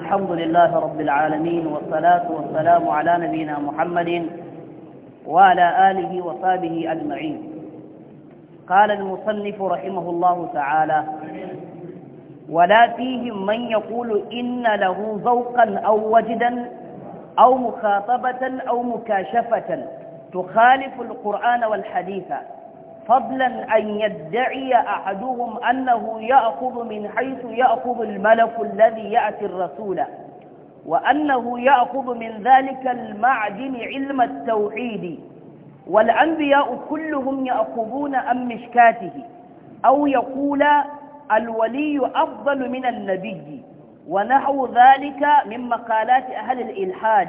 الحمد لله رب العالمين والصلاة والسلام على نبينا محمد وعلى آله وصحبه أجمعين قال المصنف رحمه الله تعالى ولا فيهم من يقول إن له ذوقا أو وجدا أو مخاطبة أو مكاشفة تخالف القرآن والحديث فضلا أن يدعي أحدهم أنه يأخذ من حيث يأخذ الملك الذي يأتي الرسول وأنه يأخذ من ذلك المعدن علم التوحيد والأنبياء كلهم يأخذون أم مشكاته أو يقول الولي أفضل من النبي ونحو ذلك من مقالات أهل الإلحاد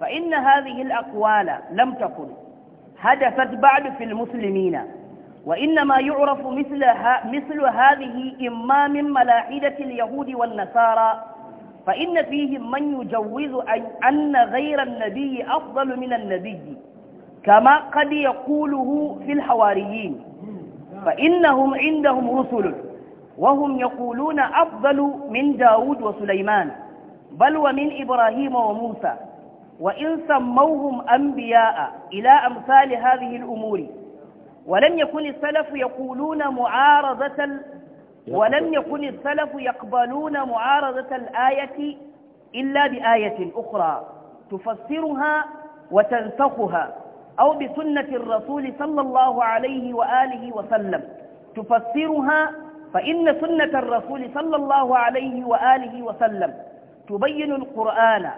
فإن هذه الأقوال لم تكن هدفت بعد في المسلمين وإنما يعرف مثل, ها مثل هذه إما من ملاحدة اليهود والنصارى فإن فيهم من يجوز أن غير النبي أفضل من النبي كما قد يقوله في الحواريين فإنهم عندهم رسل وهم يقولون أفضل من داود وسليمان بل ومن إبراهيم وموسى وإن سموهم أنبياء إلى أمثال هذه الأمور ولم يكن السلف يقولون معارضة ولم يكن السلف يقبلون معارضة الآية إلا بآية أخرى تفسرها وتنسخها أو بسنة الرسول صلى الله عليه وآله وسلم تفسرها فإن سنة الرسول صلى الله عليه وآله وسلم تبين القرآن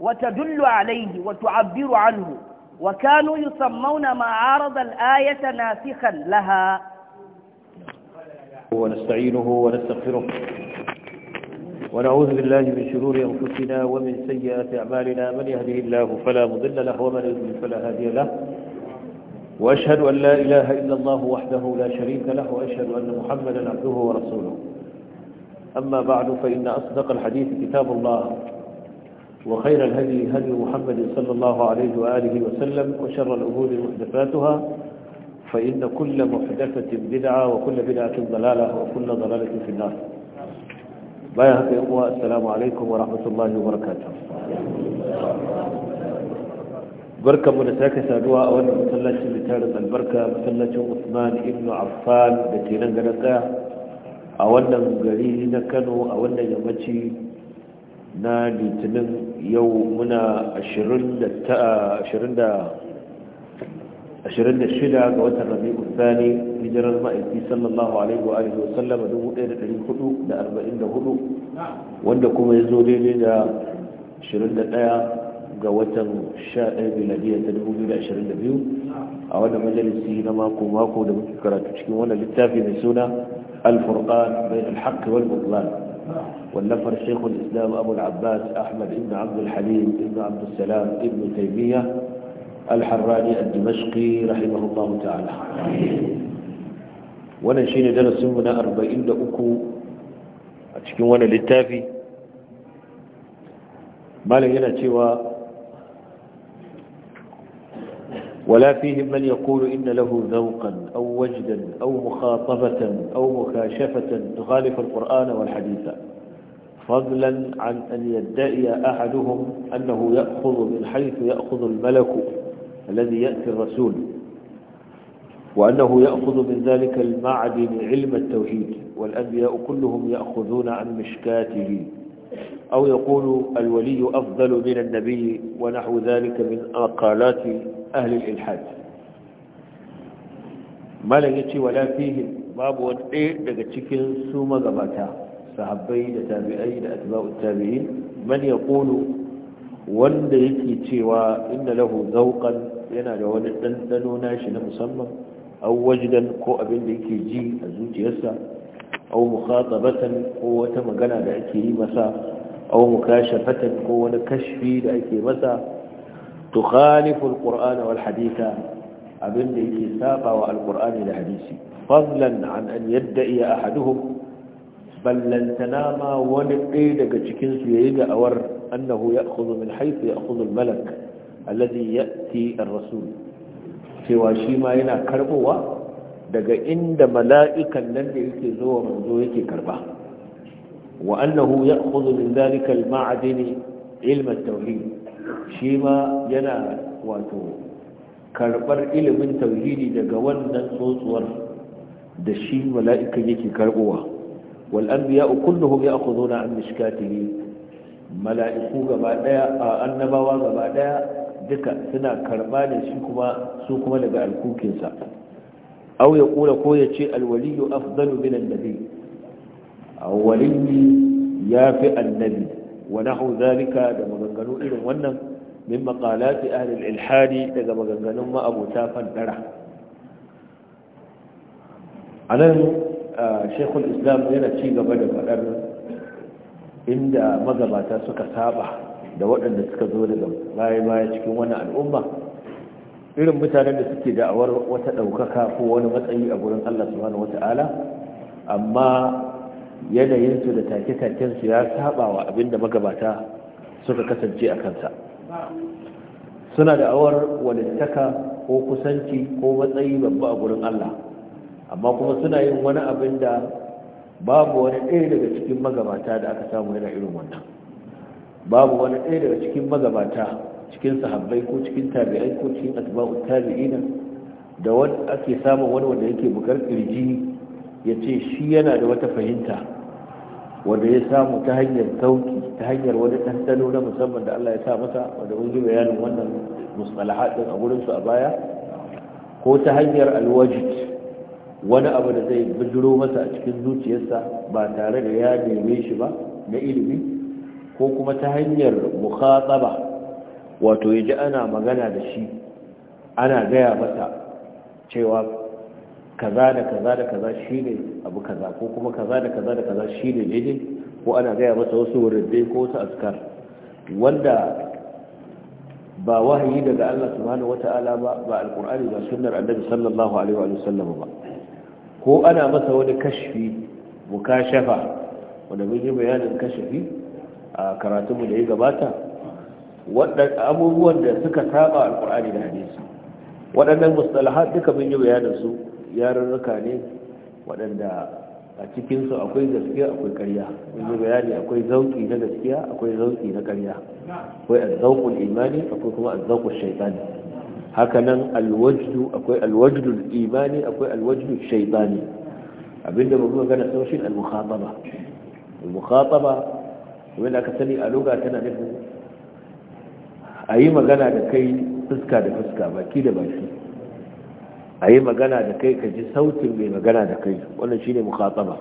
وتدل عليه وتعبر عنه وكانوا يسمون ما عارض الآية ناسخا لها ونستعينه ونستغفره ونعوذ بالله من شرور أنفسنا ومن سيئات أعمالنا من يهده الله فلا مضل له ومن يضلل فلا هادي له وأشهد أن لا إله إلا الله وحده لا شريك له وأشهد أن محمدا عبده ورسوله أما بعد فإن أصدق الحديث كتاب الله وخير الهدي هدي محمد صلى الله عليه وآله وسلم وشر الأمور محدثاتها فإن كل محدثة بدعة وكل بدعة ضلالة وكل ضلالة في النار بايا هكي السلام عليكم ورحمة الله وبركاته بركة من منساكة سادوها أولا مسلش لتارة البركة مسلش عثمان ابن عفان بتينا او أولا قليل كانوا أولا يمشي na litinin yau muna 26 ga watan rabi'u tsani hijirar ma'aiki sallallahu alaihi wa alihi wasallama 1444 wanda kuma ya zo daidai da 21 ga watan 11 biladiyar ta 2022 a wannan majalisi na mako-mako da muke karatu cikin wannan littafi mai suna alfurkan bayan alhaƙi wal mutlan والنفر شيخ الإسلام أبو العباس أحمد بن عبد الحليم بن عبد السلام بن تيمية الحراني الدمشقي رحمه الله تعالى wannan shine darasin mu na 43 a cikin wannan littafi malam ولا فيهم من يقول إن له ذوقا أو وجدا أو مخاطبة أو مكاشفة تخالف القرآن والحديث فضلا عن أن يدعي أحدهم أنه يأخذ من حيث يأخذ الملك الذي يأتي الرسول وأنه يأخذ من ذلك المعدن علم التوحيد والأنبياء كلهم يأخذون عن مشكاته أو يقول الولي أفضل من النبي ونحو ذلك من أقالات أهل الإلحاد ما لا يتي ولا فيهم باب لقد تكلم سوما غباتا sahabbai da tabi'ai da atba'u tabi'i man yaqulu wanda yake cewa inna lahu zawqan yana da wani dandano nashi na musamman aw wajdan ko abin da yake ji a zuciyarsa aw mukhatabatan ko wata magana da ake yi masa aw mukashafatan ko wani kashfi da ake masa tukhalifu alqur'ana wal haditha abin da yake saba wa alqur'ani da hadisi fadlan an an yadda'i ahaduhum ballantana ma wani ɗaya daga cikinsu ya yi da'awar annahu ya kuzo min haifu ya kuzo malak allazi ya ti rasul cewa shi ma yana karbowa daga inda mala'ikan nan da yake zuwa manzo yake karba wa annahu ya kuzo min zalika ma'adini ilmin tauhid shi ma yana wato karbar ilimin tauhidi daga wannan tsotsuwar da shi mala'ikan yake karbowa والأنبياء كلهم يأخذون عن مشكاته mala'iku gabaɗaya a annabawa gabaɗaya daya duka suna karba da shi kuma su kuma daga alkukinsa au ya kula ko ya ce alwaliyu afdalu min annabi awwaliyi yafi annabi wa nahu zalika da maganganu irin wannan min maqalati ahli al-ilhadi daga maganganun ma abota fantara anan shekul islam yana ci gaba da faɗar inda magabata suka saba da waɗanda suka zo daga baya-baya cikin wani al'umma irin mutanen da suke awar wata ɗaukaka ko wani matsayi a gurin allah subhanahu wata'ala amma yanayinsu da take-takensu ya saba wa abinda magabata suka kasance a kansa suna da da'awar walittaka ko kusanci ko matsayi babba a gurin allah amma kuma suna yin wani abin da babu wani ɗaya daga cikin magabata da aka samu yana irin wannan babu wani ɗaya daga cikin magabata cikin sahabbai ko cikin tabi'ai ko cikin asba'u tabi'ina da wani ake samun wani wanda yake bukar kirji ya ce shi yana da wata fahimta wanda ya samu ta hanyar sauki ta hanyar wani ɗanɗano na musamman da Allah ya sa masa wanda mun yi bayanin wannan musalahat a gurin a baya ko ta hanyar alwajid wani abu da zai bijiro masa a cikin zuciyarsa ba tare da ya neme shi ba na ilimi ko kuma ta hanyar mukhataba wato ya ji ana magana da shi ana gaya masa cewa kaza da kaza da kaza shine abu kaza ko kuma kaza da kaza da kaza shine daidai ko ana gaya masa wasu wurin ko wasu askar wanda ba wahayi daga Allah subhanahu wata'ala ba ba alqur'ani ba sunnar annabi sallallahu alaihi wa sallam ba ko ana masa wani kashfi mukashafa wanda mun yi bayanin kashfi a karatunmu da ya gabata waɗanda abubuwan da suka saba alkur'ani da hadisi waɗannan mustalahat duka mun yi bayanin su yarurruka ne waɗanda a cikinsu akwai gaskiya akwai ƙarya mun yi bayani akwai zauki na gaskiya akwai zauki na karya akwai azzaukul imani akwai kuma azzaukul shaitani hakanan alwajdu akwai alwajdul imani akwai alwajdul shaytani abinda ba kuma gana saushi al-mukhataba al-mukhataba wanda aka sani a lugha tana nufin ayi magana da kai fuska da fuska baki da baki ayi magana da kai ka ji sautin mai magana da kai wannan shine mukhataba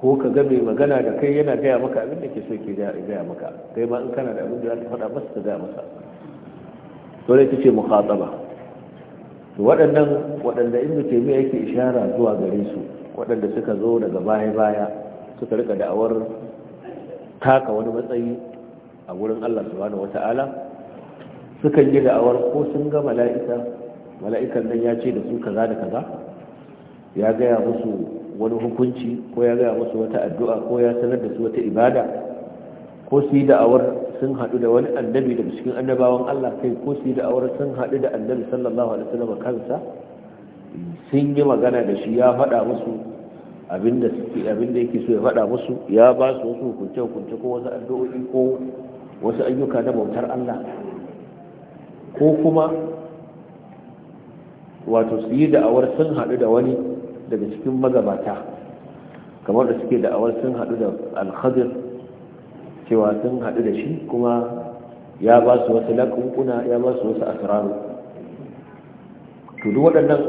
ko ka ga mai magana da kai yana gaya maka abin da ke so ke gaya maka kai ma in kana da abin da za ka faɗa masa ka gaya masa to da ce mukhataba to waɗannan waɗanda ibnu mai yake ishara zuwa gare su waɗanda suka zo daga baya baya suka rika da'awar taka wani matsayi a wurin Allah subhanahu wata'ala suka yi da'awar ko sun ga mala'ika mala'ikan nan ya ce da su kaza da kaza ya gaya musu wani hukunci ko ya gaya musu wata addu'a ko ya sanar da su wata ibada ko su yi da'awar sun haɗu da wani annabi da cikin annabawan Allah kai ko su yi da aure sun haɗu da annabi sallallahu alaihi wasallam kansa sun yi magana da shi ya faɗa musu abinda suke abinda yake so ya faɗa musu ya ba su wasu hukunce hukunce ko wasu addu'o'i ko wasu ayyuka na bautar Allah ko kuma wato su yi da'awar sun haɗu da wani daga cikin magabata kamar da suke da'awar sun haɗu da alhadir cewa sun haɗu da shi kuma ya ba su wasu laƙunƙuna ya ba su wasu asirar tudu waɗannan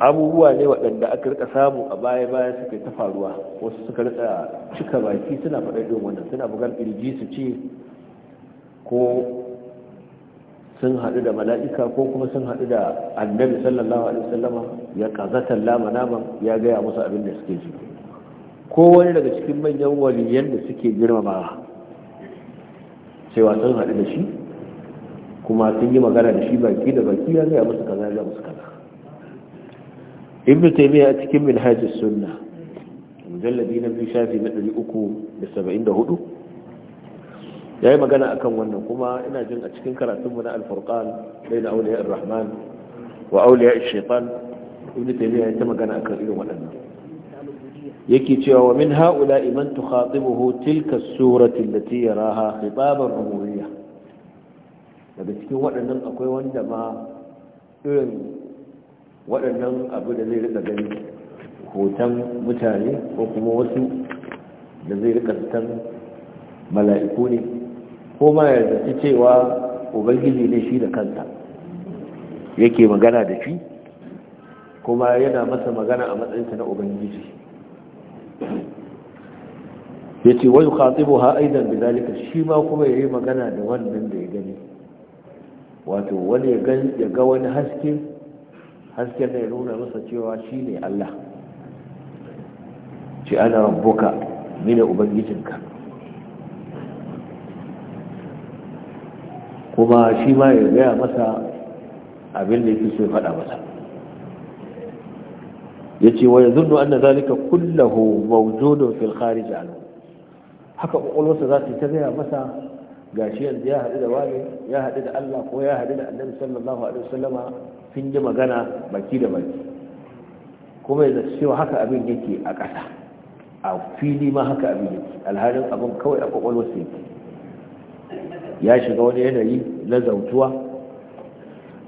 abubuwa ne waɗanda aka rika samu a baya-baya suka ta faruwa wasu suka rika cika baki suna faɗar irin wannan suna bugar ƙirji su ce ko sun haɗu da mala'ika ko kuma sun haɗu da annabi sallallahu alaihi wasallama ya talla lama naman ya gaya musu abin da suke ji ko wani daga cikin manyan waliyan da suke girmama cewa sun haɗu da shi kuma sun yi magana da shi baki da baki ya gaya musu kaza ya musu kaza ibnu taymiya a cikin minhaj sunna mujalladi na biyu shafi na ya yayi magana akan wannan kuma ina jin a cikin karatun mu na al-furqan bayna awliya rahman wa awliya ash Ibn ibnu ya ta magana akan irin waɗannan yake cewa wa min haula iman tukhatibuhu tilka surati allati yaraha khitaban umuriyya daga cikin waɗannan akwai wanda ma irin waɗannan abu da zai rika gani hoton mutane ko kuma wasu da zai rika tan mala'iku ne ko ma yarda cewa ubangiji ne shi da kanta yake magana da shi kuma yana masa magana a matsayinsa na ubangiji ya ce wayu khatibu ha da zalika shi ma kuma yi magana da wannan da ya gani wato wani ya ga wani haske hasken da ya nuna masa cewa shi ne Allah ce ana rabbuka ni ubangijin ubangijinka kuma shi ma ya gaya masa abin da ya so ya faɗa masa yace wa ya yazunnu anna zalika kullahu mawjudun fil kharij anhu haka kokolwarsa za ta gaya masa gashi yanzu ya haɗu da wani ya haɗu da Allah ko ya haɗu da Annabi sallallahu alaihi wasallama sun yi magana baki da baki kuma yanzu cewa haka abin yake a ƙasa a fili ma haka abin yake alhalin abin kawai a kokolwarsa yake ya shiga wani yanayi na zautuwa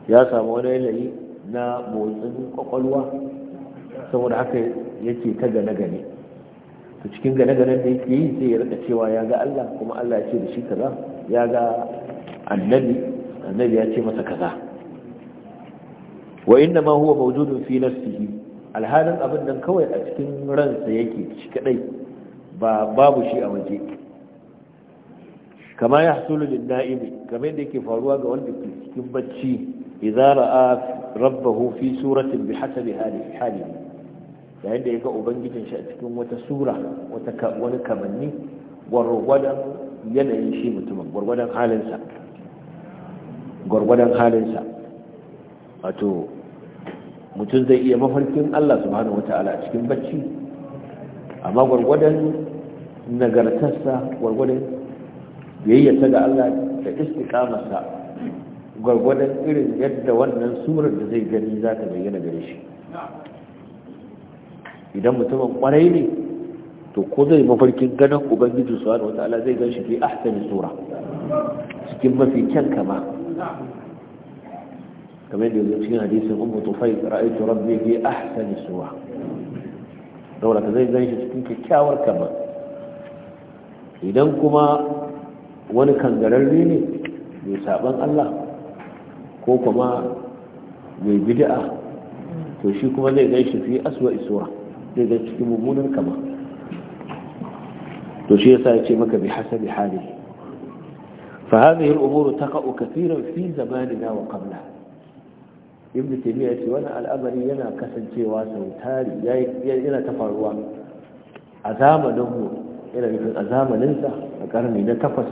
ya samu wani yanayi na motsin kwakwalwa saboda haka yake ta gane-gane to cikin gane-ganen da yake yi sai ya rika cewa ya ga Allah kuma Allah ya ce da shi kaza ya ga annabi annabi ya ce masa kaza wa inna ma huwa mawjudun fi nafsihi alhalin abin nan kawai a cikin ransa yake shi kadai ba babu shi a waje kama ya hasulu lin na'imi kamar yadda yake faruwa ga wanda ke cikin bacci idza ra'a rabbahu fi suratin bi hasabi halihi yayin da ya ga ubangijin shi a cikin wata sura wata wani kamanni gwargwadon yanayin shi mutumin gwargwadon halinsa gwargwadon halinsa wato mutum zai iya mafarkin Allah subhanahu wata'ala a cikin bacci amma gwargwadon nagartarsa gwargwadon biyayyarsa ga Allah da istiqamarsa gwargwadon irin yadda wannan surar da zai gani za ta bayyana gare shi idan mutumin kwarai ne to ko zai mafarkin ganin ubangiji subhanahu ala zai gan shi fi ahsani sura cikin mafi kyan kama kamar yadda yanzu cikin hadisin ummu tufai ra'aytu rabbi fi ahsani sura daura ka zai gan shi cikin kyakkyawar kama idan kuma wani kangararri ne mai saban Allah ko kuma mai bid'a to shi kuma zai gan shi fi aswa sura Daga cikin mummunan kama to shi yasa ya ce maka bi hasabi hali fa hadhihi al-umur taqa'u kathiran fi zamanina wa qabla ibn taymiyyah ce wannan al'amari yana kasancewa sau tari yana ta faruwa a zamanin mu yana nufin a zamanin sa a karni na takwas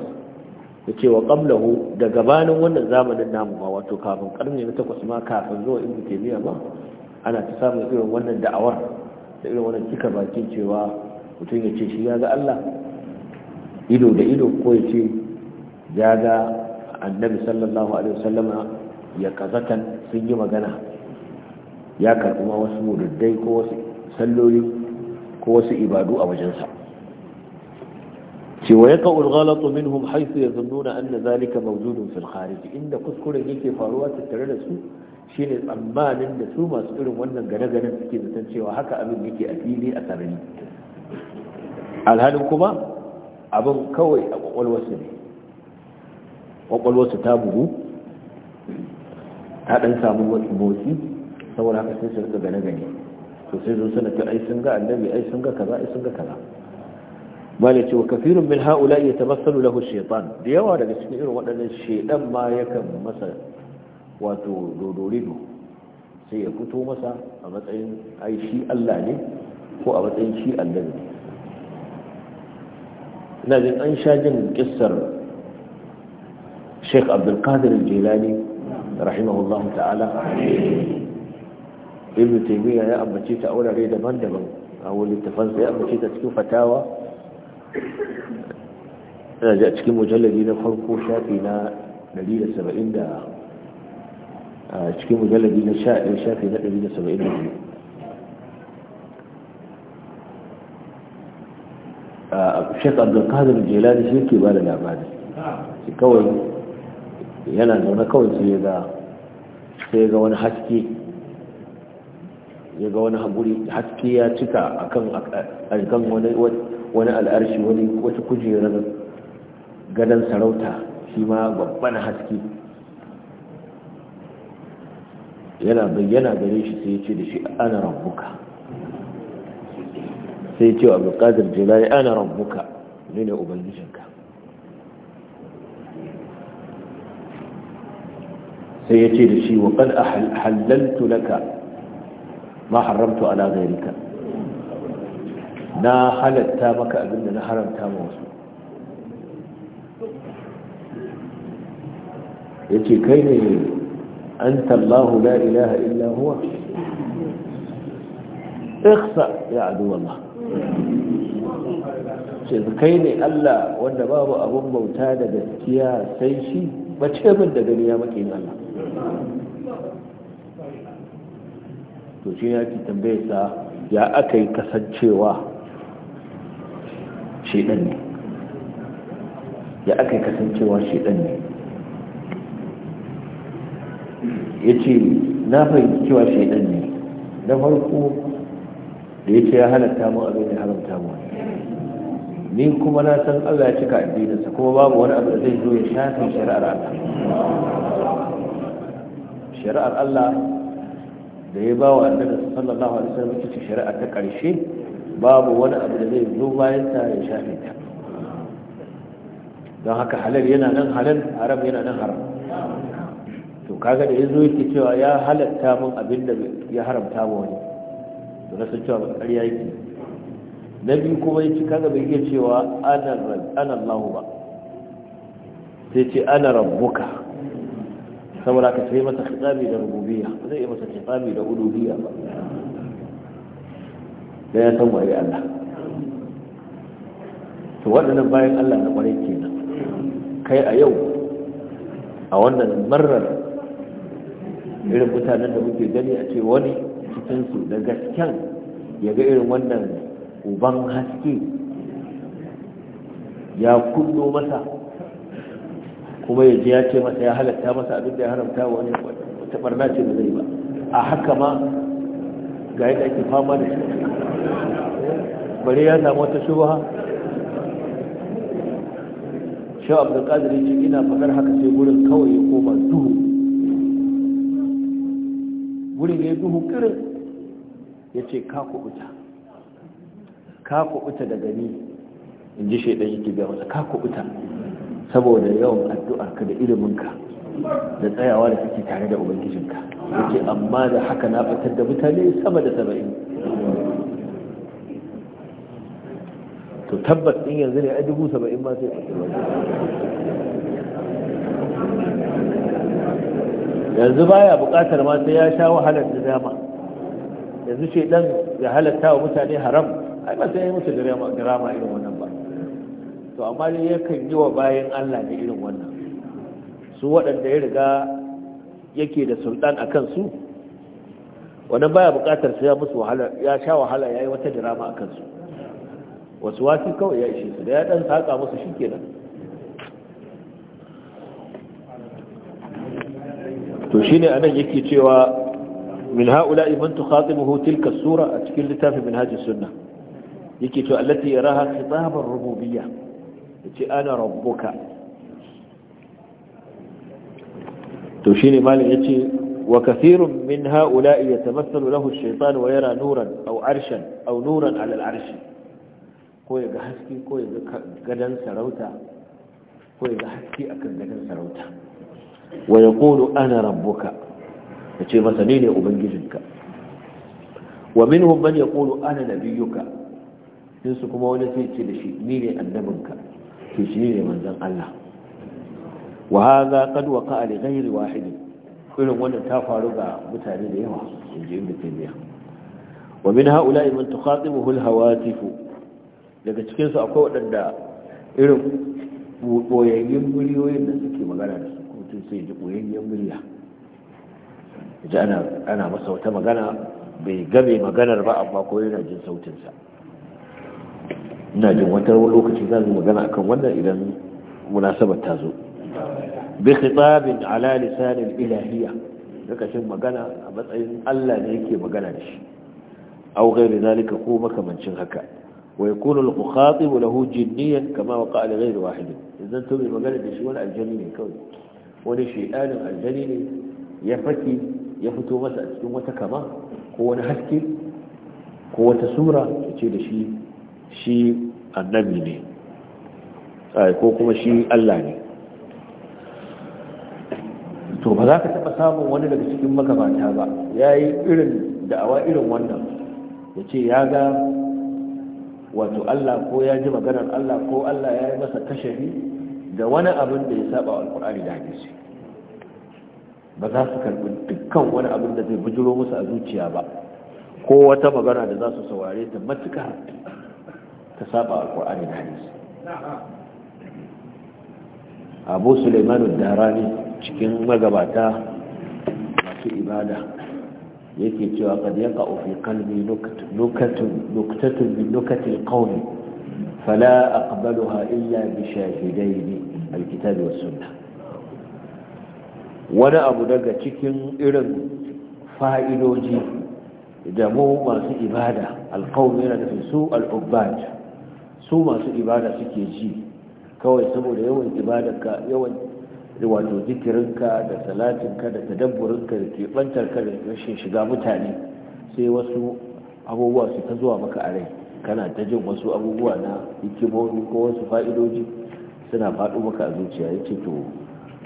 ya ce wa qablahu da gabanin wannan zamanin namu ma wato kafin karni na takwas ma kafin zuwa ibn taymiyyah ba ana ta samun irin wannan da'awar da irin wannan cika bakin cewa mutum ya ce shi ya ga Allah ido da ido ko ya ce ya ga annabi sallallahu alaihi wasallama ya kazatan sun yi magana ya karɓi ma wasu mududdai ko wasu salloli ko wasu ibadu a wajensa cewa ya ka'ul ghalatu minhum nuna yazunnuna anna zalika mawjudun fil kharij inda kuskuren yake faruwa tattare da su Shi ne tsammanin da su masu irin wannan gane-ganen suke zaton cewa haka abin yake a fili a sarari alhalin kuma abin kawai a kwakwalwarsu ne kwakwalwarsu ta bugu ta ɗan samu wani motsi saboda haka sai su rika gane-gane to sai zo suna ta ai sun ga annabi ai sun ga kaza ai sun ga kaza malai cewa kafirun min ha'ula ya tabassalu lahu shaitan da yawa daga cikin irin waɗannan shaitan ma yakan masa wato dodorido sai ya fito masa a matsayin ai shi Allah ne ko a matsayin shi Allah ne ina jin an sha jin kissar Sheikh Abdul Qadir Jilani rahimahullah ta'ala Ibn Taimiyya ya ambace ta aurare daban-daban a wani tafansa ya ambace ta cikin fatawa ina ji a cikin mujalladi na farko shafi na 170 a cikin mujallabi na sha ɗaya shafi na ɗari da saba'in da biyu shek abdulkadir jelani shi yake ba da labari shi kawai yana zaune kawai sai ga sai ga wani haske ya ga wani haguri haske ya cika akan aikan wani wani al'arshi wani wata kujerar gadon sarauta shi ma babban haske yana bayyana gare shi sai ya ce da shi ana rabbuka sai ya ce wa buƙatar jelani ana rabbuka ne ne ubangijinka sai ya ce da shi wa ƙan a halaltu laka ma haramtu ala gairika na halatta maka abinda na haramta ma wasu ya ce kai ne أنت الله لا إله إلا هو اخسأ يا عدو الله shirkaini Allah wanda babu abun bauta da gaskiya sai shi bace min da duniya maki Allah to ya ci tambaye sa ya aka yi kasancewa shi ɗan ne ya aka yi kasancewa shi ɗan ne ya ce na fahimci cewa shaidan ne na farko da ya ce ya halatta mu abin da haramta mu ni kuma na san Allah ya cika addininsa kuma babu wani abu da zai zo ya shafe shari'ar Allah shari'ar Allah da ya ba wa annabi sallallahu alaihi wasallam ita shari'a ta karshe babu wani abu da zai zo bayan ta ya shafe ta don haka halal yana nan halal haram yana nan haram to kaga da yazo yake cewa ya halatta min abin da ya haramta mu wani to na san cewa ƙarya yake na biyu kuma yace kaga bai iya cewa ana ana Allah ba sai ce ana rabbuka saboda ka sai masa khitabi da rububiyya zai yi masa khitabi da uluhiyya ba da ya san waye Allah to waɗannan bayan Allah na ƙwarai kenan kai a yau a wannan marar irin mutanen da muke gani a ce wani cikinsu da gasken ya ga irin wannan uban haske ya kullo masa kuma ya ji ya ce masa ya halatta masa abin da ya haramta wani wata barna ce da zai ba a haka ma ga yadda ake fama da shi bare ya samu wata shubha abu da kadiri ce ina faɗar haka sai wurin kawai ya koma duhu wurin ya duhu kirin ya ce ka kuɓuta ka daga ni in ji shaidan yake biya masa ka saboda yawan addu'arka da iliminka da tsayawa da suke tare da ubangijinka yake amma da haka na fitar da mutane sama da saba'in to tabbas ɗin yanzu ne a dubu saba'in ma sai a yanzu baya buƙatar ma sai ya sha wahalar da dama yanzu dan ya halatta wa mutane haram ai ba sai ya musu girama irin wannan ba to amma dai yakan yi wa bayan Allah ne irin wannan su waɗanda ya riga yake da sultan a kansu wannan baya buƙatar sai ya musu wahala ya sha wahala yayi wata girama a kansu wasu wasu kawai ya ishe su da ya dan saka musu shikenan to shine anan yake cewa min ha'ula haula'i man tukhatibuhu tilka sura a cikin littafin minhaj sunna yake to allati yaraha khitabar rububiyya ce ana rabbuka to shine malin ce wa kathirun min ha'ula ya yatamathalu lahu shaitan wa yara nuran au arshan au nuran 'ala al-arsh ko yaga haske ko yaga gadan sarauta ko yaga haske akan gadan sarauta wa yaqulu ana rabbuka yace masa ni ne ubangijinka wa minhum ya yaqulu ana nabiyyuka din su kuma wani sai ce da shi ni ne annabinka to shi ne manzon Allah wa hadha qad waqa li ghairi wahid irin wannan ta faru ga mutane da yawa inji ibn taymiya wa min haula'i man tukhatibuhu al-hawatif daga cikinsu akwai waɗanda irin boyayyin miliyoyin da suke magana da su. mutum sai ji ɓoyayyen murya ji ana masa wata magana bai game maganar ba amma ko yana jin sautinsa ina jin wata lokaci za su magana akan wannan idan munasabar ta zo bi khitabin ala lisanil ilahiyya lokacin magana a matsayin Allah ne yake magana da shi aw ghairi zalika ko makamancin haka wa yakunu al-mukhatib lahu jinniyan kama waqa li ghairi wahid idan to mai magana da shi wani aljanni ne kawai wani shaidanin aljani ne ya faki ya fito masa a cikin wata kama ko wani haske ko wata sura ya ce da shi shi annabi ne ko kuma shi Allah ne to ba za ka taɓa samun wani daga cikin magabata ba ya yi irin da'awa irin wannan ya ce ya ga wato Allah ko ya ji maganar Allah ko Allah ya yi masa kashafi da wani abin da ya saba wa alkur'ani da hadisi ba za su karbi dukkan wani abin da zai bujiro musu a zuciya ba ko wata magana da za su saurare ta matuka ta saba wa alkur'ani da hadisi abu suleiman darani cikin magabata masu ibada yake cewa kad yaka fi qalbi nukatun nuktatun min nukatil qawmi فلا أقبلها إلا ne. alkitabi wa sunna wani abu daga cikin irin fa'idoji da mu masu ibada alqawmi yana nufin su al'ubbad su masu ibada suke ji kawai saboda yawan ibadarka yawan wato zikirinka da salatinka da tadabburinka da keɓantarka da rashin shiga mutane sai wasu abubuwa su ta zuwa maka a rai kana ta jin wasu abubuwa na hikimomi ko wasu fa'idoji suna faɗo maka a zuciya ya ce to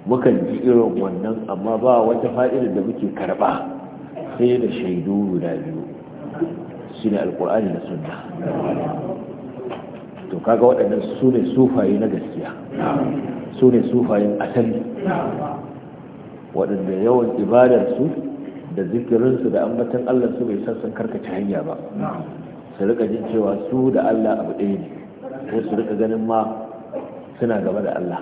mukan ji irin wannan amma ba wata fa'ida da muke karɓa sai da shaidu guda biyu shi ne alkur'ani da sunna to kaga waɗannan su ne sufaye na gaskiya su ne sufayen asali waɗanda yawan ibadarsu da zikirinsu da ambatan su bai san sun karkace hanya ba su rika jin cewa su da allah abu ɗaya ne ko su rika ganin ma suna gaba da Allah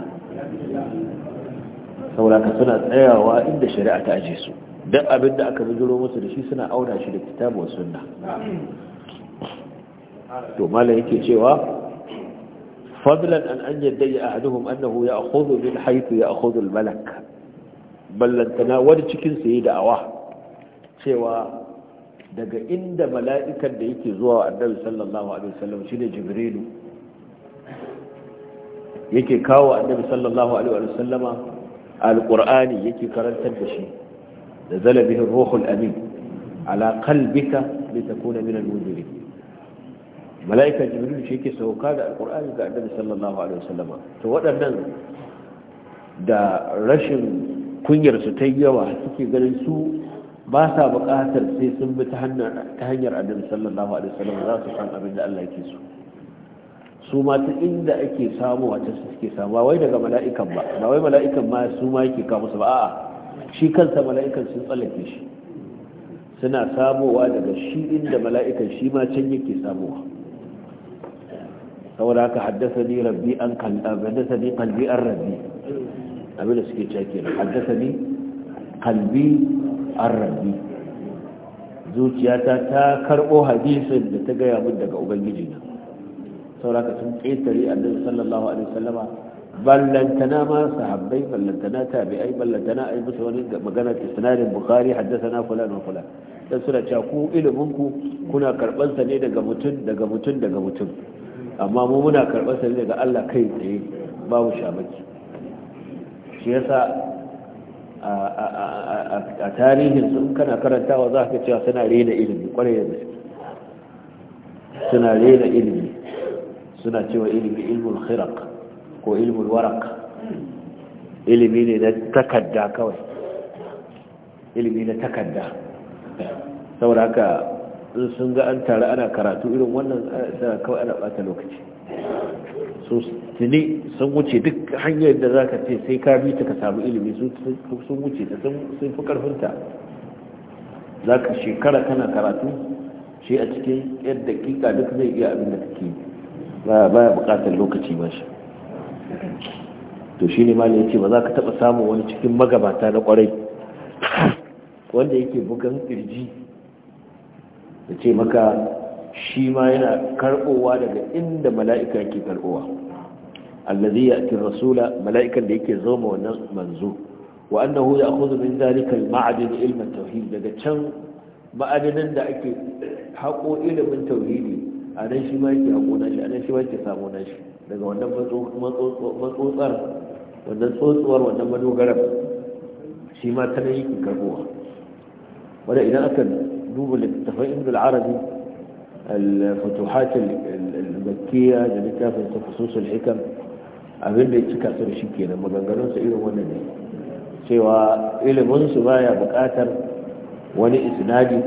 saboda suna tsayawa inda shari'a ta aje su duk abin da aka bijiro musu da shi suna auna shi da kitabu sunna to malam yake cewa fadlan an an ya ahaduhum annahu ya'khudhu min haythu ya'khudhu al-malak ballantana wani cikin su yi da'awa cewa daga inda mala'ikan da yake zuwa annabi sallallahu alaihi wasallam shine jibrilu yake kawo annabi sallallahu alaihi wa sallama alqur'ani yake karantar da shi da zalabihi ruhul amin ala qalbika litakuna min almunzirin malaika jibril shi yake sauka da alqur'ani ga annabi sallallahu alaihi wa sallama to waɗannan da rashin kunyar su ta yawa suke ganin su ba sa buƙatar sai sun bi ta hanyar annabi sallallahu alaihi wa sallama za su san abin da Allah yake so su ma ta inda ake samu wata su suke samu ba wai daga mala'ikan ba ba wai mala'ikan ma su ma yake kawo su ba a'a shi kansa mala'ikan sun tsallake shi suna samowa daga shi inda mala'ikan shi ma can yake samowa saboda haka haddasa ni rabbi an haddasa ni kalbi an rabbi abin da suke cake haddasa ni kalbi an rabbi zuciyata ta karbo hadisin da ta gaya min daga ubangiji na sauraka sun ƙetare annabi sallallahu alaihi sallama ballantana ma sahabbai ballantana tabi'ai ballantana ai musu wani magana isnadin bukhari na kula na kula dan suna cewa ku ilimin ku kuna karban sa ne daga mutun daga mutun daga mutun amma mu muna karban sa ne daga Allah kai tsaye babu shamaki shi yasa a tarihin sun kana karantawa za ka cewa suna rena ilimi kwarai da suna rena ilimi suna cewa ilimi ilmul khiraq ko ilmul waraq ilimi ne na takadda kawai ilimi na takadda saboda haka sun ga an tare ana karatu irin wannan kawai ana bata lokaci so tuni sun wuce duk hanyar da za ka ce sai ka bi ta ka samu ilimi sun wuce ta sun fi karfinta za ka shekara kana karatu shi a cikin yadda kika duk zai iya abin da kake yi ba ya bukatar lokaci ba shi to shi ne ya ce ba za ka taɓa samun wani cikin magabata na kwarai wanda yake bugan kirji da ce maka shi ma yana karɓowa daga inda mala'ika ke karɓowa allazi ya ati rasula mala'ikan da yake zo ma wannan manzo wa annahu ya akhudhu min zalika al-ma'adin ilmin tauhid daga can ma'adanin da ake haƙo ilimin tauhidi a nan shi ma yake haƙo shi a nan shi ma yake samo shi daga wannan matsotsar wannan tsotsuwar wannan madogara shi ma ta nan yake karbowa wadda idan aka duba littattafan ibn al-arabi al-futuhat al-makkiya da littafin ta fususul hikam abin da ya cika su da shi kenan maganganun sa irin wannan ne cewa ilimin su baya buƙatar wani isnadi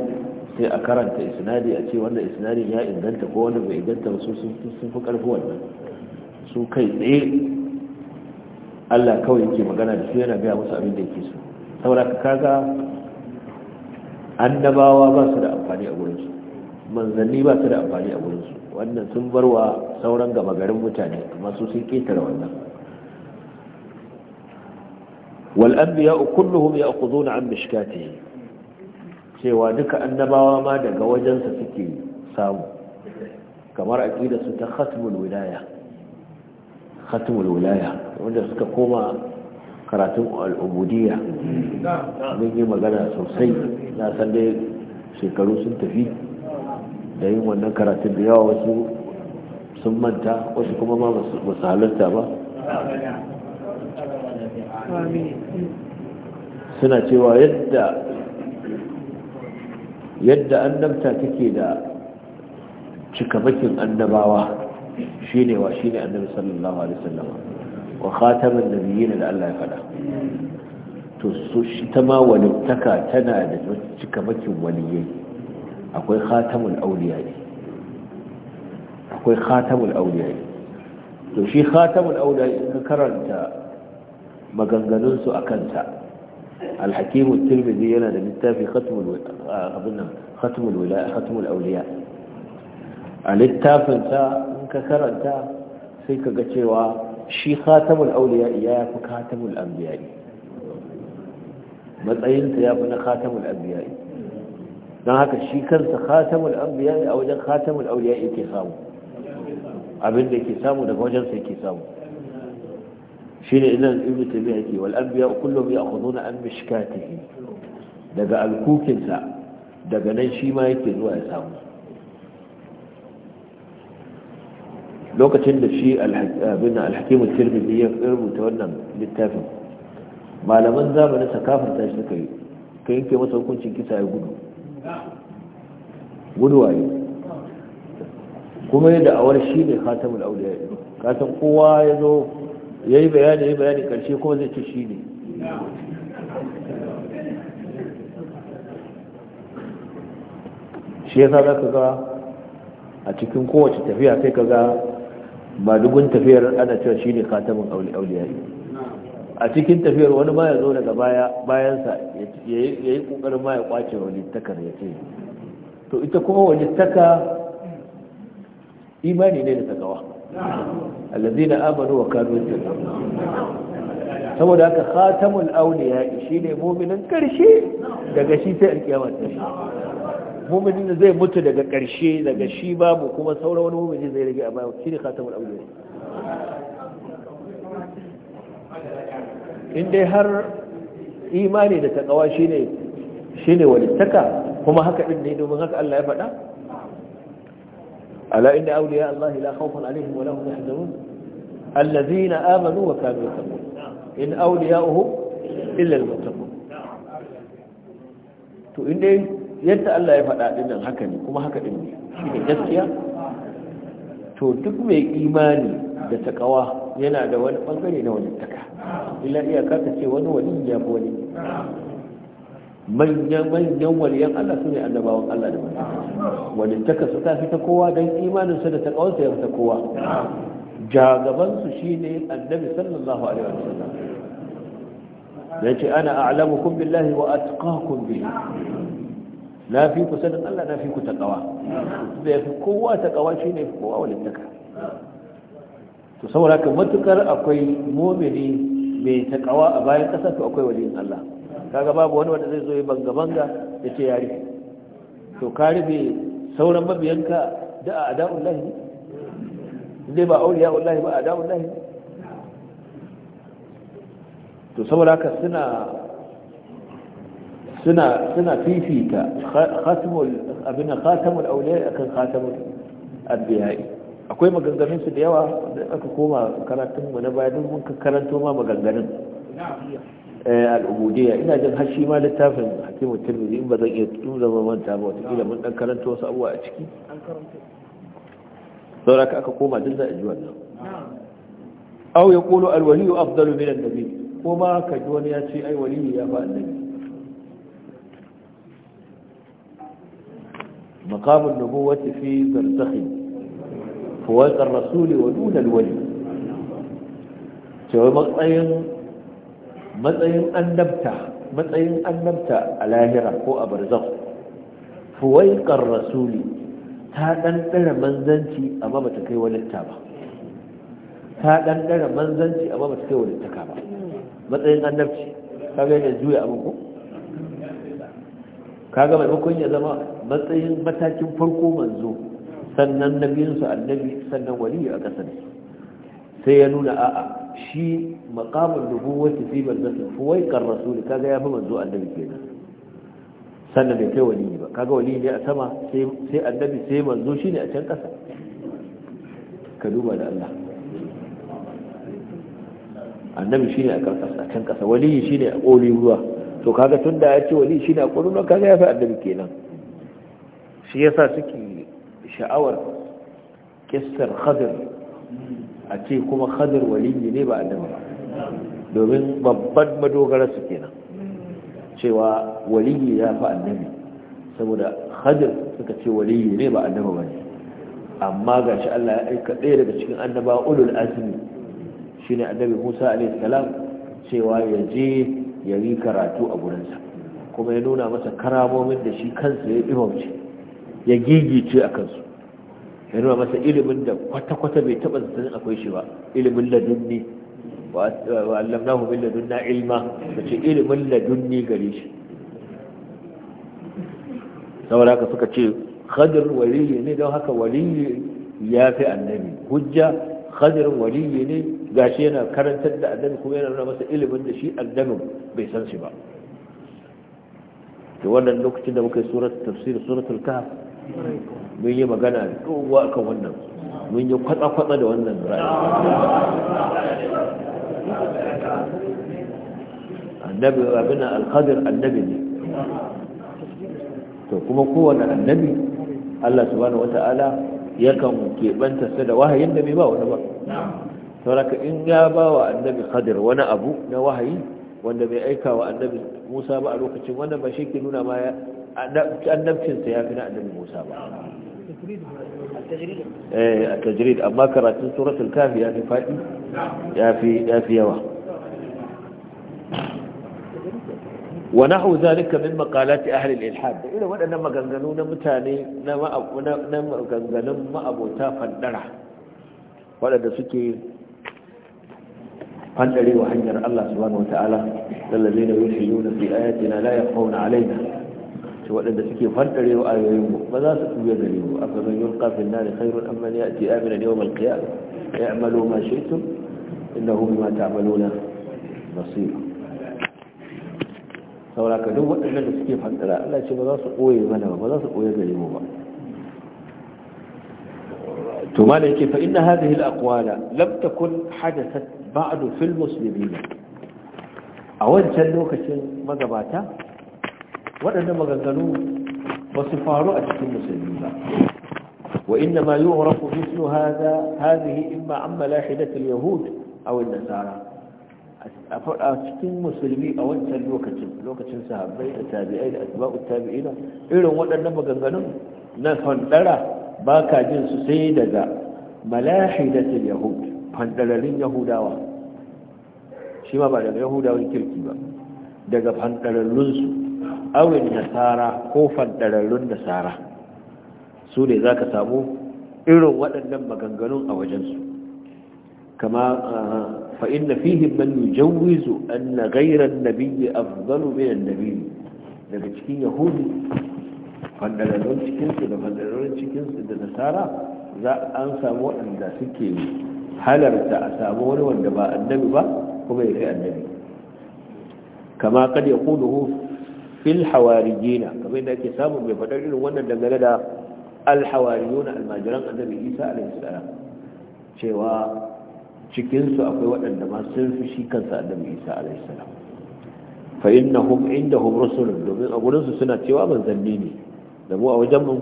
sai a karanta isnadi a ce wannan isnadin ya inganta ko wanda bai inganta ba su sun fi karfi wannan su kai tsaye Allah kawai yake magana da su yana gaya musu abin da yake so saboda ka kaga annabawa ba su da amfani a gurinsu manzanni ba su da amfani a gurinsu wannan sun barwa sauran gama garin mutane amma su sun ketare wannan wal anbiya kulluhum ya'khuduna an mishkatihi cewa duka annabawa ma daga wajensa suke samu kamar aƙida su ta khatmul wilaya khatmul wilaya wanda suka koma karatun al'ubudiyya mun yi magana sosai na san dai shekaru sun tafi da yin wannan karatun da yawa wasu sun manta wasu kuma ma basu halarta ba suna cewa yadda yadda annabta take da cikamakin annabawa shine wa shine annabi sallallahu alaihi wasallam wa khataman nabiyyin da Allah ya fada to so shi ta ma walittaka tana da cikamakin waliyai akwai khatamul auliya akwai khatamul auliya ne to shi khatamul auliya in ka karanta maganganun su a ta? الحكيم الترمذي ينا ده للتافي ختم الو... أبنى ختم الولاء ختم الأولياء للتافي انت انكسر انت سيكا قتشوا شي خاتم الأولياء يا خاتم الأنبياء matsayin ta ya fi na khatamul anbiya'i don haka shi kansa khatamul anbiya'i a wajen khatamul auliya yake samu abin da yake samu daga wajen yake samu shine idan ibnu tabi'a ke wal anbiya kullum ya'khuduna an mishkatihi daga al-kukinsa daga nan shi ma yake zuwa ya samu lokacin da shi abin alhakimun tirmidhi ya rubuta wannan littafin malaman zamanin sa kafarta shi suka ka yanke masa hukuncin kisa ya gudu guduwa yi kuma yadda awar shi ne khatamul auliya kasan kowa ya zo ya yi bayani ya bayani karshe kuma zai ce shi ne shi ya za ka ga a cikin kowace tafiya sai ka ga madugun tafiyar ana cewa shi ne katamin auliyari a cikin tafiyar wani ma ya zo daga bayansa ya yi kokarin ma ya kwace takar ya ce to ita kuma taka imani ne da takawa الذين amanu وكانوا يتقون saboda haka khatamul awliya shine mu'minin karshe daga shi sai alkiyama ta shi mu'minin da zai mutu daga karshe daga shi babu kuma sauran wani mu'mini zai rage a baya ne khatamul awliya in dai har imani da takawa ne shine taka kuma haka din ne domin haka Allah ya faɗa ألا إن أولياء الله لا خوف عليهم ولا هم يحزنون الذين آمنوا وكانوا يتقون إن أولياؤهم إلا المتقون to inda yadda Allah ya faɗa nan haka ne kuma haka ɗin ne shi ne gaskiya to duk mai imani da takawa yana da wani bangare na wani taka illa iyaka ta ce wani wani ya fi wani manyan waliyan Allah su ne annabawan Allah da manzanni walittaka su ta fi ta kowa don imaninsa da takawarsa ya fi ta kowa jagabansu shi ne annabi sallallahu alaihi wasallam da ce ana a'lamukum billahi wa atqakum bihi na fi ku sanin Allah na fi ku takawa da ya fi kowa takawa shi ne kowa walittaka to saboda kan matukar akwai momini mai takawa a bayan kasa to akwai waliyin Allah kaga babu wani wanda zai zo yi banga banga ya ce ya rufe to ka rufe sauran mabiyanka da a ada'un lahi dai ba auri auliya lahi ba a ada'un lahi to saboda haka suna suna suna fifita khatamul abin khatamul awliya akan khatamul abiyai akwai maganganun su da yawa da aka koma karatun mu na baya duk mun karanto ma maganganun آه، العبودية إلى جمع هالشي ما للتافن حكيم التلمذي إن بدأ يتلون ما تابوت إلى من أنكرنت وصأوا أتكي ذلك أكقوم جزء أجوان نعم أو يقول الولي أفضل من النبي وما كجوان ياتي أي ولي يا أبا النبي مقام النبوة في برزخ فوات الرسول ودون الولي سوى مقطعين matsayin annabta matsayin annabta a lahira ko a barzakh fuwaiqar rasuli ta dare manzanci amma ba ta kai walitta ba ta dare manzanci amma ba ta kai ka ba matsayin annabci kaga ne juya abin ko kaga mai bakon ya zama matsayin matakin farko manzo sannan nabiyinsu annabi sannan waliyu a ƙasar sai ya nuna a'a shi makamin nubuwati fi manzatin fuwaikar rasul kaga ya fi manzo annabi kenan sannan bai kai wali ba kaga wali ne a sama sai annabi sai manzo shine a can kasa ka duba da Allah annabi shine a kan kasa can kasa wali shine a ƙoli ruwa to kaga tunda ya ce wali shine a ƙoli ruwa kaga ya fi annabi kenan shi yasa suke sha'awar kissar khadir a ce kuma khadir waliyi ne ba annabi ba domin babban madogara su kenan cewa waliyi ya fi annabi saboda khadir suka ce waliyi ne ba annabi ba ne amma ga shi Allah ya aika ɗaya daga cikin annaba ulul azmi shine annabi Musa alaihi cewa ya je ya yi karatu a gurinsa kuma ya nuna masa karamomin da shi kansa ya ɗihomce ya gigice a kansu ya nuna masa ilimin da kwata-kwata bai taɓa zaton akwai shi ba ilimin ladunni wa allamnahu min ladunna ilma da ce ilimin ladunni gare shi saboda haka suka ce khadir waliyi ne don haka waliyi ya fi annabi hujja khadir waliyyi ne gashi yana karantar da annabi kuma yana nuna masa ilimin da shi annabin bai san shi ba to wannan lokacin da muka yi suratul tafsir suratul kahf mun yi magana da kowa kan wannan mun yi kwatsa-kwatsa da wannan ra'ayi annabi abin alkadir annabi ne to kuma kowane annabi Allah subhanahu ya kan keɓanta su da wahayin da bai ba wani ba sauraka in ya ba wa annabi kadir wani abu na wahayi wanda bai aika wa annabi musa ba a lokacin wannan ba shi ke nuna ma annabcinsa ya fi na annabi musa ba eh, a tajirid amma karatun suratul kafi ya fi yawa Wani na hau zanika min makalati a halin ilhad irin waɗannan maganganu na mutane na maganganun ma'abota fandara waɗanda suke fandare wa hanyar allah subhanahu wa ta'ala lallazina yushiyuna alaina to waɗanda suke fantare wa ayoyin mu ba za su tuya gare mu aka zan yulqa fil nar khairun amma ya'ti amina yawm al qiyamah ya'malu ma shaytum innahu bima ta'maluna basir saboda ka duk waɗannan da suke fantara Allah ce ba za su koye mana ba ba za su koye gare mu ba to ma da yake fa inna hadhihi al aqwala lam takun hadathat ba'd fi al muslimin a wancan lokacin magabata waɗannan maganganu ba su faru a cikin musulmi ba wa inna ma yu'rafu mislu hadha hadhihi imma an malahidat al-yahud a an-nasara a faɗa cikin musulmi a wancan lokacin lokacin sahabbai da tabi'ai da asba'ut tabi'ina irin waɗannan maganganun na fandara ba ka jin su sai daga malahidatul yahud fandararin yahudawa shi ma ba daga yahudawan kirki ba daga fandararrunsu. awin nasara ko faddararrun nasara su ne za ka samu irin waɗannan maganganun a wajensu kama fa'in na fihim man yi janwizu an na gairar nabiyyi nabiyyi daga cikin yahudi faddararrun cikinsu da faddararrun cikinsu da nasara za an samu waɗanda suke halarta a samu wani wanda ba annabi ba kuma ya kai annabi kama kad ya kuduhu fil hawarijina kamar yadda ake samu mai faɗar irin wannan dangane da alhawariyuna almajiran annabi isa alaihi salam cewa cikinsu akwai waɗanda ma sun fi shi kansa annabi isa alaihi salam fa innahum indahum rusulun domin a gurinsu suna cewa ban manzanni ne da mu a wajen mu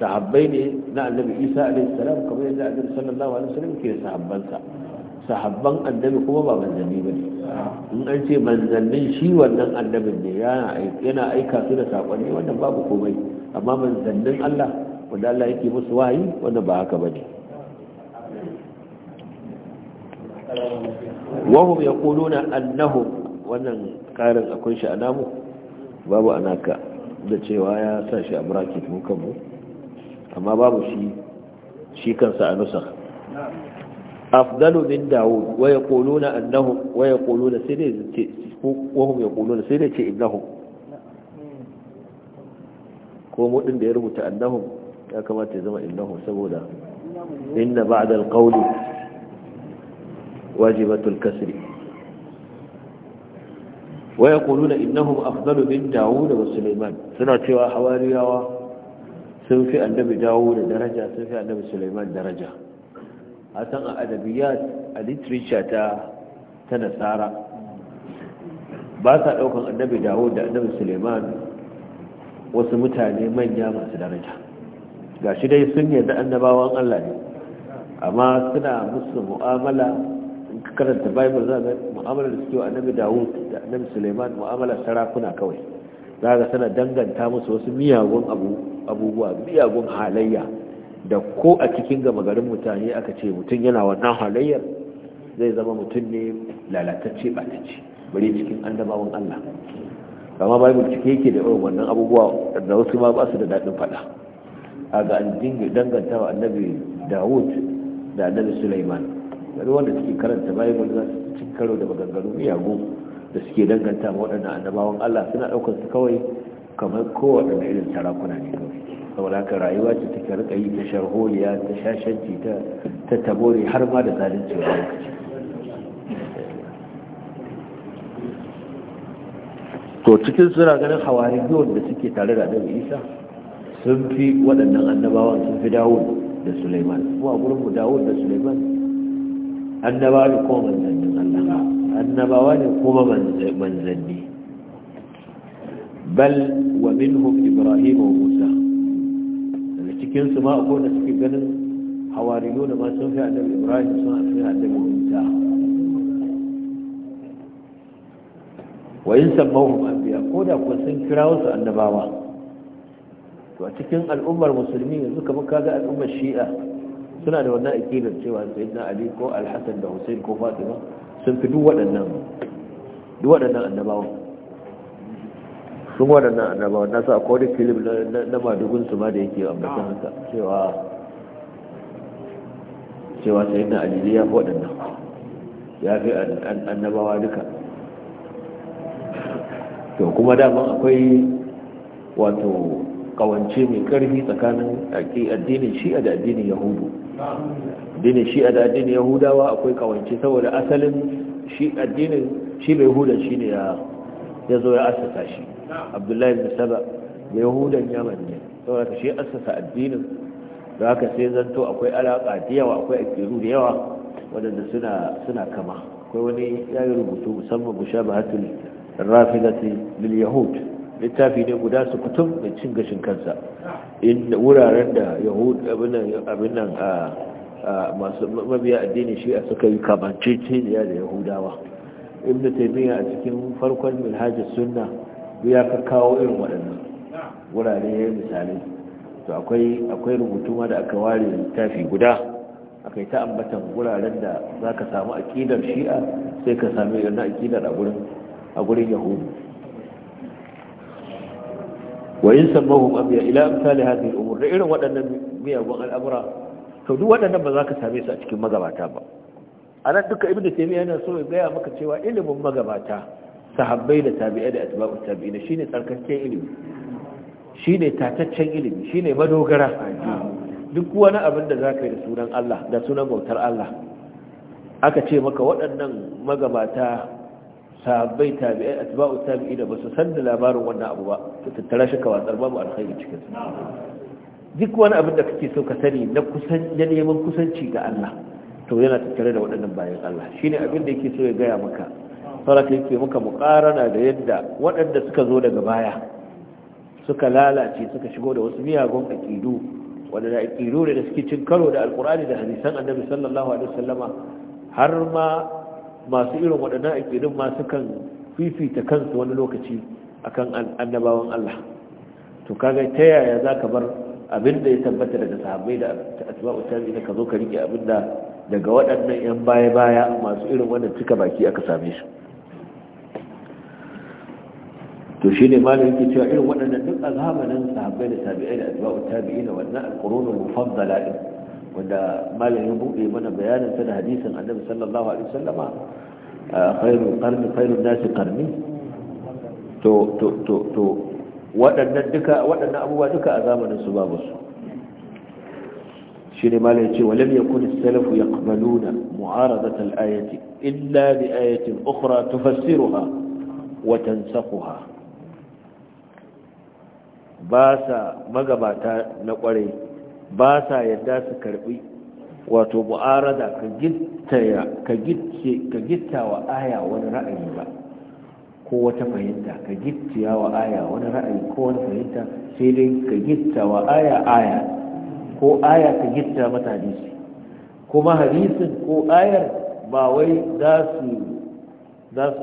sahabbai ne na annabi isa alaihi salam kamar yadda annabi sallallahu alaihi wasallam ke sahabbansa sahabban annabi kuma ba manzanni ba ne in an ce manzannin shi wannan annabin ne yana aika su da saƙonni wannan babu komai amma manzannin allah wanda allah yake musu wahayi wanda ba haka ba ne wahum ya na annahu wannan karin akwai shi a namu babu anaka da cewa ya sa shi a bracket mu kanmu amma babu shi shi kansa a nusa afdalu min daud wa yaquluna annahum wa yaquluna sai dai ce wa hum yaquluna sai dai ce innahum ko mu din da ya rubuta annahum ya kamata ya zama innahum saboda inna ba'da alqawli wajibatul kasri wa yaquluna innahum afdalu min daud wa sulaiman suna cewa hawariyawa sun fi annabi da daraja sun fi annabi sulaiman daraja a san a adabiyat a literature ta ta nasara ba sa daukan annabi dawo da annabi suleiman wasu mutane manya masu daraja ga shi dai sun yarda annabawan allah ne amma suna musu mu'amala in ka karanta bible za ga mu'amalar da suke wa annabi dawo da annabi suleiman mu'amala sarakuna kawai za ga suna danganta musu wasu miyagun abubuwa miyagun halayya da ko a cikin gama garin mutane aka ce mutum yana wannan halayyar zai zama mutum ne lalatacce ce bari cikin annabawan Allah kama mu cike yake da irin wannan abubuwa da wasu ma ba su da daɗin faɗa a ga an danganta wa annabi dawud da annabi sulaiman gari wanda suke karanta bible za su cin karo da maganganu miyagu da suke danganta wa waɗannan annabawan Allah suna ɗaukar su kawai kamar da irin sarakuna ne kawai saboda ka rayuwa ce take rika yi ta sharholiya ta shashanci ta ta tabore har ma da zalunci wani lokaci to cikin suna ganin hawari biyun da suke tare da annabi isa sun fi waɗannan annabawan sun fi dawud da suleiman mu a gurinmu dawud da suleiman annabawa ne kuma manzannin allah annabawa ne kuma manzanni bal wa minhum ibrahim wa musa cikinsu ma akwai da suke ganin hawariyo da ma sun fi annabi ibrahim sun fi annabi musa wa yin sammahum anbiya ko da kuwa sun kira wasu annabawa to a cikin al'ummar musulmi yanzu kamar kaga al'ummar shi'a suna da wannan aqidar cewa sayyidina ali ko al-hasan da husain ko fatima sun fi duk waɗannan duk waɗannan annabawan sun waɗannan annaba wannan su akwai wani filim na madugun su ma da yake ambatan ah. haka cewa cewa sai na alili ya fi waɗannan ya fi annabawa duka to kuma daman akwai wato kawance mai karfi tsakanin addinin shi'a da addinin yahudu addinin shi'a da addinin yahudawa akwai kawance saboda asalin shi addinin shi mai hudan shi ne ya zo ya asasa shi abdullahi bin saba mai yahudan yaman ne saboda ka shi assasa addinin da haka sai zanto akwai alaƙa da yawa akwai aƙiru da yawa waɗanda suna kama akwai wani ya yi rubutu musamman mushabahatul rafidati lil yahud littafi ne guda su kutum da cin gashin kansa inda wuraren da yahud abin nan masu mabiya addini shi a suka yi kamanceceniya da yahudawa ibn taymiya a cikin farkon milhajar sunna ya ka kawo irin waɗannan wurare ya yi misali to akwai rubutu ma da aka ware littafi guda akai ta ambatan wuraren da za ka samu aƙidar shi'a sai ka sami irin aƙidar a gurin a gurin yahudu wa in sammahum abiya ila amsal hadhihi al-umur irin waɗannan miyagun al'amura to duk waɗannan ba za ka same su a cikin magabata ba a nan duka ibnu taymiya yana so ya gaya maka cewa ilimin magabata sahabbai da tabi'ai da atba'u tabi'in shine tsarkakken ilimi shine tataccen ilimi shine madogara duk wani abin da zaka yi da sunan Allah da sunan bautar Allah aka ce maka waɗannan magabata sahabbai tabi'ai atba'u tabi'i da basu san da labarin wannan abu ba to tattara shi ka watsar babu alkhairi cikin su duk wani abin da kake so ka sani na kusan neman kusanci ga Allah to yana tattare da waɗannan bayan Allah shine abin da yake so ya gaya maka saraka yake muka mukarana da yadda waɗanda suka zo daga baya suka lalace suka shigo da wasu miyagun aƙidu waɗanda aƙidu ne da suke cin karo da alƙur'ani da hadisan annabi sallallahu alaihi wasallama har ma masu irin waɗannan aƙidun ma kan fifita kansu wani lokaci akan annabawan Allah to kaga ta yaya zaka bar abin da ya tabbata daga sahabbai da atba'u tabi'in ka zo ka rike abin da daga waɗannan 'yan baya-baya masu irin wannan cika baki aka same su to shi ne malam yake cewa irin waɗannan duk a zamanin sahabbai da tabi'ai da atba'u tabi'i da wannan alqurunul mufaddala din wanda malam ya buɗe mana bayanin sa da hadisin annabi sallallahu alaihi wasallama khairul qarni khairun nasi qarni to to to to waɗannan duka waɗannan abubuwa duka a zamanin su babu su shi ne malam ya ce walam yakun as-salafu yaqbaluna mu'aradat al-ayati illa bi ayatin ukhra tufassiruha wa tansakhuha ba sa magabata na kwarai ba sa yadda su karbi wato bu'arada ka gitta wa aya wani ra'ayi ba ko wata fahimta ka gitta wa aya wani ra'ayi ko wani fahimta sai dai ka gitta wa aya aya ko aya ka gitta mata hadisi kuma hadisin ko ayar ba wai za su za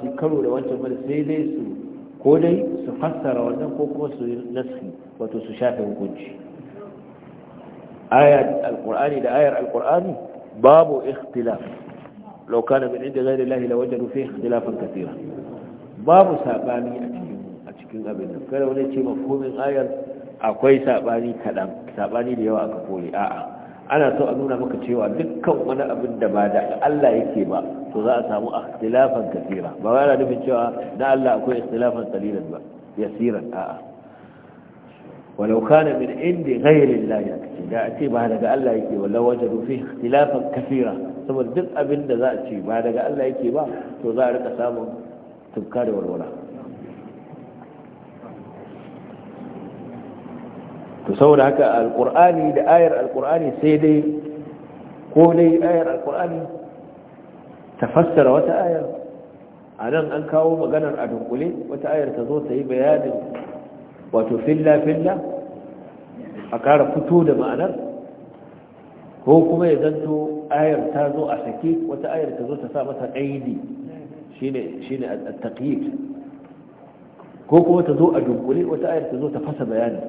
su karo da wancan mara sai dai su ko dai su fassara wannan ko kuma su naski wato su shafe hukunci ayar alkur'ani da ayar alkur'ani babu ikhtilaf law kana min inda ghayri llahi lawajadu fihi ikhtilafan katira babu sabani a cikin a cikin abin nan kada wani ce mafhumin ayar akwai sabani kadan sabani da yawa aka kore a'a ana so a nuna maka cewa dukkan wani abin da ba da Allah yake ba to za a samu ikhtilafan kasira ba wai ana nufin cewa na Allah akwai ikhtilafan qalilan ba yasiran a'a walau kana min indi ghayri Allah yake da a ce ba daga Allah yake ba law wajadu fi ikhtilafan kasira saboda duk abin da za a ce ba daga Allah yake ba to za a rika samun tubka da warwara to saboda haka alkur'ani da ayar alkur'ani sai dai ko dai ayar alkur'ani ta fassara wata ayar a nan an kawo maganar a dunkule wata ayar ta zo ta yi bayanin wato filla-filla a kara fito da ma'anar ko kuma ya zanto ayar ta zo a sake wata ayar ta zo ta sa mata ƙaidi shi ne a taƙiyar ko kuma ta zo a dunkule wata ayar ta zo ta fasa bayanin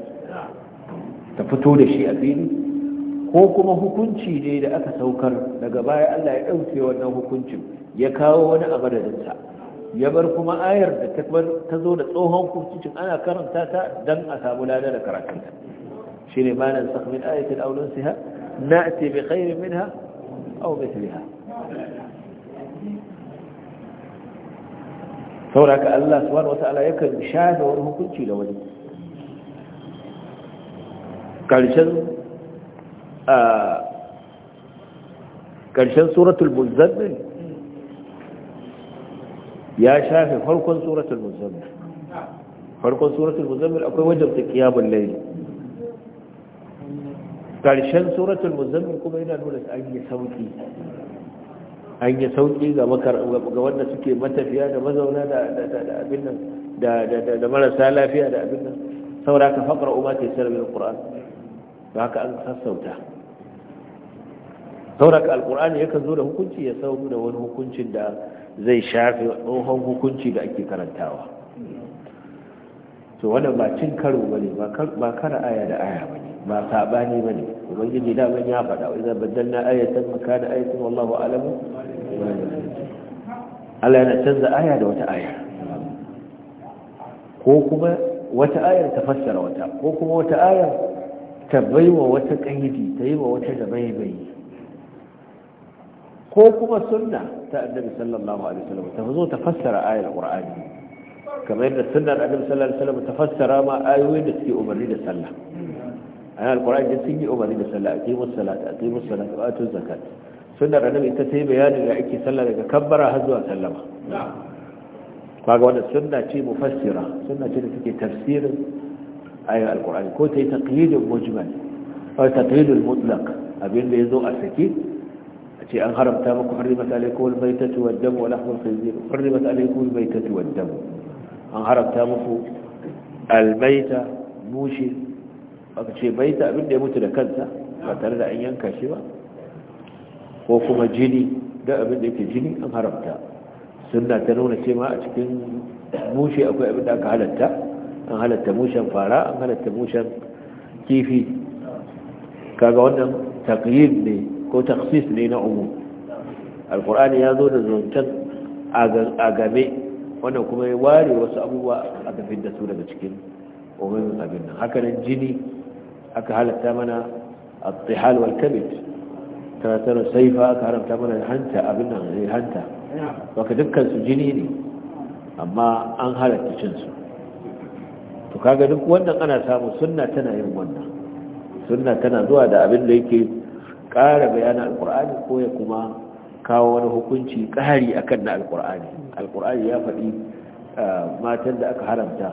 ta fito da shi a fili ko kuma hukunci ne da aka saukar daga baya Allah ya ɗauke wannan hukuncin ya kawo wani a madadinsa ya bar kuma ayar da ta zo da tsohon hukuncin ana karanta ta don a samu lada da karatunta shi ne malar sakmin ayatul aulun siha na ce khairin minha au misliha ka Allah subhanahu wata'ala yakan shafe wani hukunci da wani كالشن ا آه، كالشن سوره المزمل يا شافي فرقن سوره المزمل فرقن سوره المزمل اكو وجب قيام الليل كالشن سوره المزمل كما ان نقول اي صوتي أي صوتي ذا مكر وقوانا سكي متفيا ذا مزونا ذا أبنا ذا ذا ذا ذا ملا سالا فيها ذا أبنا ثم راك فقرأ ما تيسر من القرآن ba haka an sassauta sauraka alkur'ani yakan zo da hukunci ya sau da wani hukuncin da zai shafi tsohon hukunci da ake karantawa to wannan ba cin karo ba ne ba kara aya da aya ba ne ba saɓani ba ne ubangiji daman ya faɗa wa dan na ayatan da ayatan wallahu alamu Allah yana canza aya da wata aya ko kuma wata ayar ta fassara wata ko kuma wata ayar ta baiwa wata kaidi ta yi wa wata da baibayi ko kuma sunna ta annabi sallallahu alaihi wasallam ta zo ta fassara ayar qur'ani kamar yadda sunnar annabi sallallahu alaihi wasallam ta fassara ma ayoyin da suke umarni da sallah ayar alqur'ani sun yi umarni da sallah aqimus salata aqimus salata wa atuz zakat sunnar annabi ita ta yi bayani da ake sallah daga kabbara har zuwa sallama kaga wannan sunna ce mufassira sunna ce da take tafsirin ayoyin alkur'ani ko ta yi taqyidul mujmal ko taqyidul mutlaq abin da yazo a sake a ce an haramta muku harrimat alaykum albaytatu wad-damu wani lahmul khinzir harrimat alaykum albaytatu wad-damu an haramta muku almaita mushi aka ce maita abin da ya mutu da kansa ba tare da an yanka shi ba ko kuma jini da abin da yake jini an haramta suna ta nuna ce ma a cikin mushi akwai abin da aka halatta an halatta mushen fara an halatta mushen kifi kaga wannan taqyid ne ko takhsis ne na umum alqur'ani ya zo da zuntan agame wannan kuma ya ware wasu abubuwa a tafin da su daga cikin umumin abin nan haka nan jini aka halatta mana al-tihal wal kabid tana saifa aka haramta mana hanta abin nan eh, hanta baka dukkan su jini ne amma an halatta cin su to kaga duk wannan ana samu sunna tana yin wannan sunna tana zuwa da abin da yake ƙara bayanin alkur'ani ko ya kuma kawo wani hukunci ƙari akan na alkur'ani alkur'ani ya faɗi ah, matan da aka haramta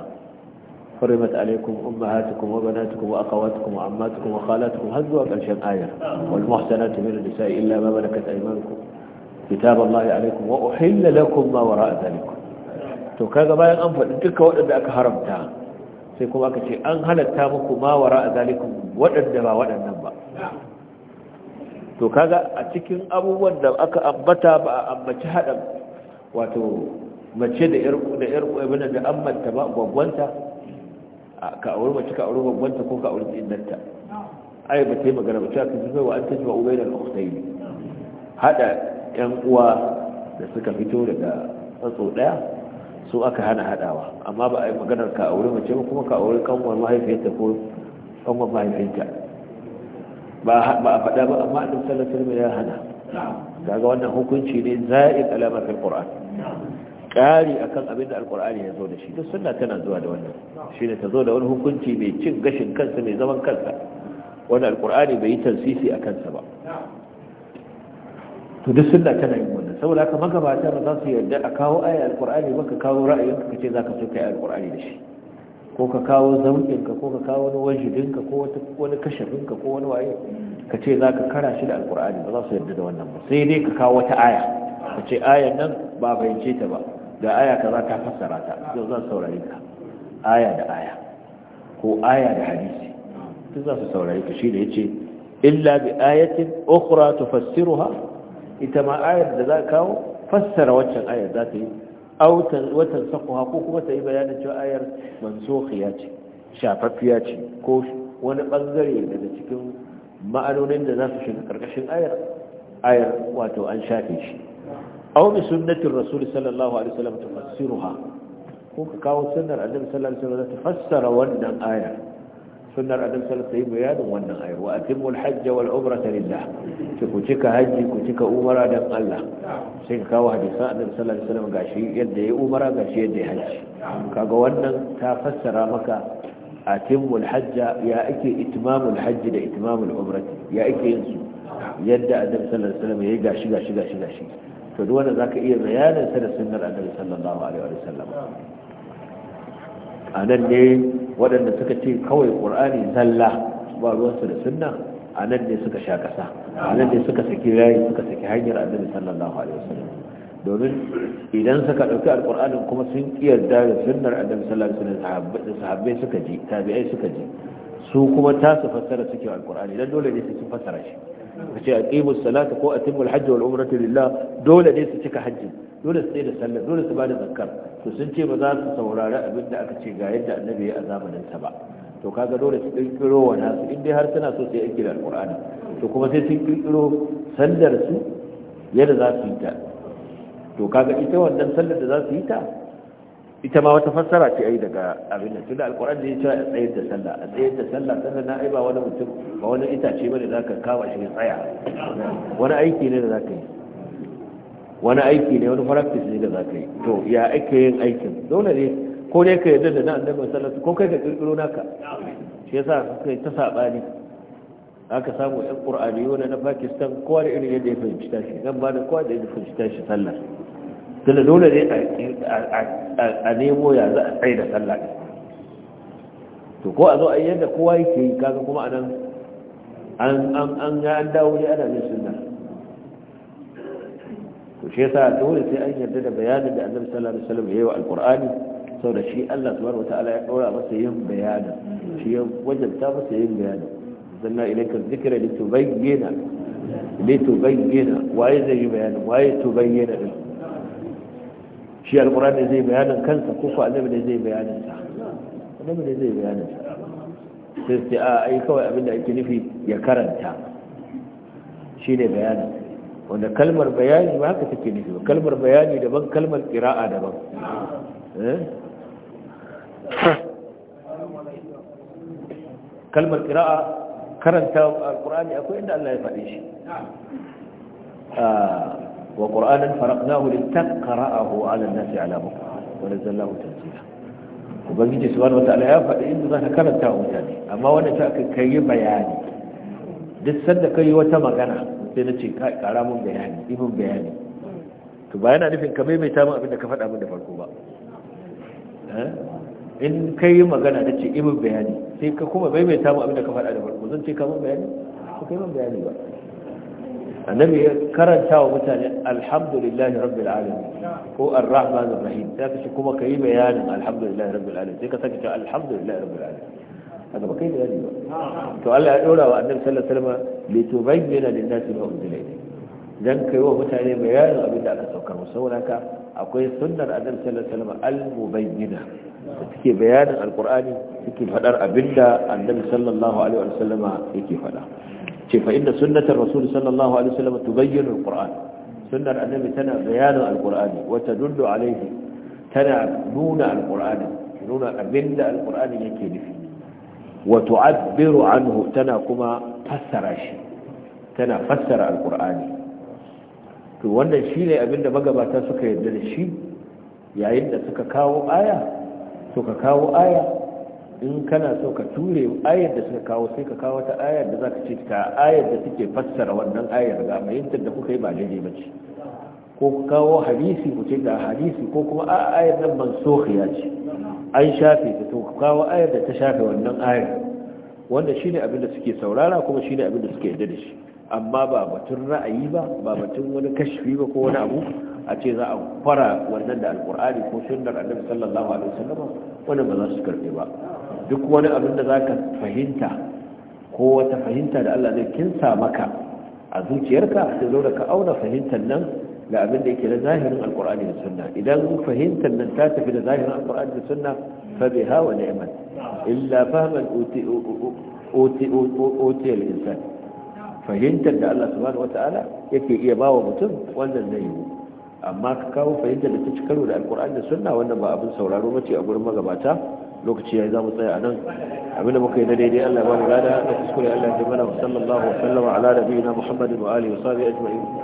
حرمت عليكم أمهاتكم وبناتكم وأخواتكم وعماتكم وخالاتكم هزوا قلشان آية والمحسنات من النساء إلا ما ملكت أيمانكم كتاب الله عليكم وأحل ma wara'a وراء ذلك تو bayan an faɗi تلك waɗanda aka haramta. sai kuma aka ce an halatta muku ma wara a zalikun waɗanda ba waɗannan ba to kaga a cikin abubuwan da aka ambata ba a ambaci haɗa wato mace da 'yar ƙwaibina da ammanta ba gwaggwanta ka auri mace ka auri gwaggwanta ko ka auri tsinnanta ai ba ta yi magana ba cewa ka ji wa an tajiwa ji ubai da al'ukhtai haɗa ƴan uwa da suka fito daga tsatso ɗaya su aka hana hadawa amma ba a yi maganar ka aure mace ba kuma ka aure kanwar mahaifiyarta ko kanwar mahaifinta ba a faɗa ba amma annabi sallallahu alaihi wasallam ya hana ga wannan hukunci ne za'in alama fil qur'an kari akan abin da alqur'ani ya zo da shi duk sunna tana zuwa da wannan shine ta zo da wani hukunci mai cin gashin kansa mai zaman kansa wanda alqur'ani bai yi tansisi a kansa ba to duk sunna tana yin saboda haka magabata ba za su yarda a kawo aya alkur'ani ba ka kawo ra'ayinka ka ce za ka so ka yi alkur'ani da shi ko ka kawo zauɗinka ko ka kawo wani wajidinka ko wani kashafinka ko wani waye ka ce za ka kara shi da alkur'ani ba za su yarda da wannan ba sai dai ka kawo wata aya ka ce aya nan ba fahimce ta ba ga aya kaza ta fassara ta yau zan saurare ka aya da aya ko aya da hadisi duk za su saurare ka shi da ce illa bi ayatin ukhra tufassiruha ita ma ayar da za ka kawo fassara waccan ayar za ta yi watan sakuwa ko kuma ta yi bayanin cewa ayar mansokhiya ce shafafiya ce ko wani bangare daga cikin ma'anonin da za su shiga karkashin ayar ayar wato an shafe shi aw bi sunnatir rasul sallallahu alaihi wasallam tufassiruha ko ka kawo sunnar annabi sallallahu alaihi wasallam ta fassara wannan ayar sunnar adam sallallahu alaihi bayanin wannan ayar wa atimul hajj wal umrata lillah ki ku cika haji ku cika umara dan Allah sai ka kawo hadisan annabi sallallahu alaihi wasallam gashi yadda yayi umara gashi yadda yayi haji kaga wannan ta fassara maka atimul hajj ya ake itmamul hajj da itmamul umrati ya ake yin su yadda annabi sallallahu alaihi wasallam yayi gashi gashi gashi gashi to duk wanda zaka iya bayanin sa da sunnar annabi sallallahu alaihi wasallam anan ne waɗanda suka ce kawai ƙur'ani zalla ba ruwansu da sunna a nan ne suka sha ƙasa a nan ne suka saki rayu suka saki hanyar annabi sallallahu alaihi wasallam domin idan suka ɗauki alƙur'anin kuma sun yarda da sunnar annabi sallallahu alaihi wasallam sahabbai suka ji tabi'ai suka ji su kuma ta su fassara suke alƙur'ani dan dole ne su sun fassara shi kace aqimus salata ko atimul hajj wal umrata lillah dole ne su cika hajji dole su da sallar dole su ba da zakar to sun ce ba za su saurari abin da aka ce ga yadda annabi ya a ta ba to kaga dole su kirkiro wa nasu inda har suna so sai aiki da alqur'ani to kuma sai sun kirkiro sallar su yadda za su yi ta to kaga ita wannan sallar da za su yi ta ita ma wata fassara ce ai daga abin da tunda alqur'ani ne cewa a tsayar da sallah a tsayar da sallah sannan na ai ba wani mutum ba wani itace bane zaka kama shi ya tsaya wani aiki ne da zaka yi wani aiki ne wani practice ne da za ka yi to ya ake yin aikin dole ne ko dai ka yarda da na annabi sallallahu ko kai ka kirkiro naka shi yasa kai ta sabani aka samu ɗan wani na pakistan kowa da irin yadda ya fahimci tashi nan ba da kowa da ya fahimci tashi sallar tunda dole ne a nemo ya za a tsaye da sallar to ko a zo a yadda kowa yake yi kaga kuma a nan an an an dawo ne ana mai sunna shi yasa dole sai an yarda da bayanin da annabi sallallahu alaihi wasallam yayi wa alqur'ani saboda shi Allah subhanahu wataala ya kaura masa yin bayani shi ya wajabta masa yin bayani zanna ilayka dhikra litubayyana litubayyana waye zai yi bayani waye tubayyana din shi alqur'ani zai bayanin kansa ko ko annabi ne zai bayanin sa annabi ne zai bayanin sa sai sai a ai kawai abinda ake nufi ya karanta shine bayanin wanda kalmar bayani ba haka take nufi ba kalmar bayani daban kalmar ƙira'a daban eh? kalmar ƙira'a karanta al alƙur'ani akwai inda Allah ya faɗi shi ah, wa ƙur'anin faraknahu litaqra'ahu 'ala an-nasi 'ala bukra wa nazzalnahu tanzila ubangiji subhanahu wata'ala ya faɗi inda zaka karanta wa mutane amma wanda ta kai bayani duk sanda kai wata magana sai na ce kara mun bayani ibin bayani to ba yana nufin ka maimaita mun abin da ka faɗa mun da farko ba eh? in ka yi magana na ce ibin bayani sai ka kuma maimaita mun abin da ka faɗa da farko zan ce ka mun bayani ko kai mun bayani ba annabi ya karanta wa mutane alhamdulillahi rabbil alamin ko arrahmanir rahim sai ka kuma ka yi bayanin alhamdulillahi rabbil alamin sai ka sake alhamdulillahi rabbil alamin haka ba kai da gani ba to Allah ya dora wa annabi sallallahu alaihi wasallam li tubayyana lin nasi ma unzila ilayhi dan kai wa mutane bayanin abin da aka saukar musu saboda haka akwai sunnar annabi sallallahu alaihi wasallam al mubayyina da take bayanin alqur'ani take fadar abinda annabi sallallahu alaihi wasallam yake fada ce fa inna sunnatar rasul sallallahu alaihi wasallam tubayyinu alqur'an sunnar annabi tana bayanin alqur'ani wa tadullu alaihi tana nuna alqur'ani nuna abinda alqur'ani yake nufi wa tu'abbiru anhu tana kuma fassara shi tana fassara alkur'ani to wannan shine abinda magabata suka yarda da shi yayin da suka kawo aya suka kawo aya in kana so ka ture ayar da suka kawo sai ka kawo ta ayar da ka ce ta ayar da suke fassara wannan ayar ga fahimtar da kuka yi ba daidai ba ce ko kawo hadisi ku ce ga hadisi ko kuma a ayar nan mansukhiya ce an shafe ta to kawo ayar da ta shafe wannan ayar wanda shine abin da suke saurara kuma shine abin da suke da da shi amma ba batun ra'ayi ba ba batun wani kashfi ba ko wani abu a ce za a fara wannan da alkur'ani ko sunnar annabi sallallahu alaihi wasallam wannan ba za su karbe ba duk wani abin da zaka fahimta ko wata fahimta da Allah zai kinsa maka a zuciyarka sai zo da ka auna fahimtar nan da abin da yake da zahirin alkur'ani da sunna idan fahimtar nan ta tafi da zahirin alkur'ani da sunna fa bi hawa ni'mat illa fahman otiyar insan fahimtar da Allah subhanahu wata'ala yake iya bawa mutum wannan zai yiwu amma ka kawo fahimtar da ta ci karo da alkur'ani da sunna wannan ba abin sauraro mace a gurin magabata lokaci ya za mu tsaya a nan abinda muka yi na daidai Allah ya bani gada da kuskure Allah ya mana wa sallallahu wa sallama ala nabiyina Muhammadin wa alihi wa sahbihi ajma'in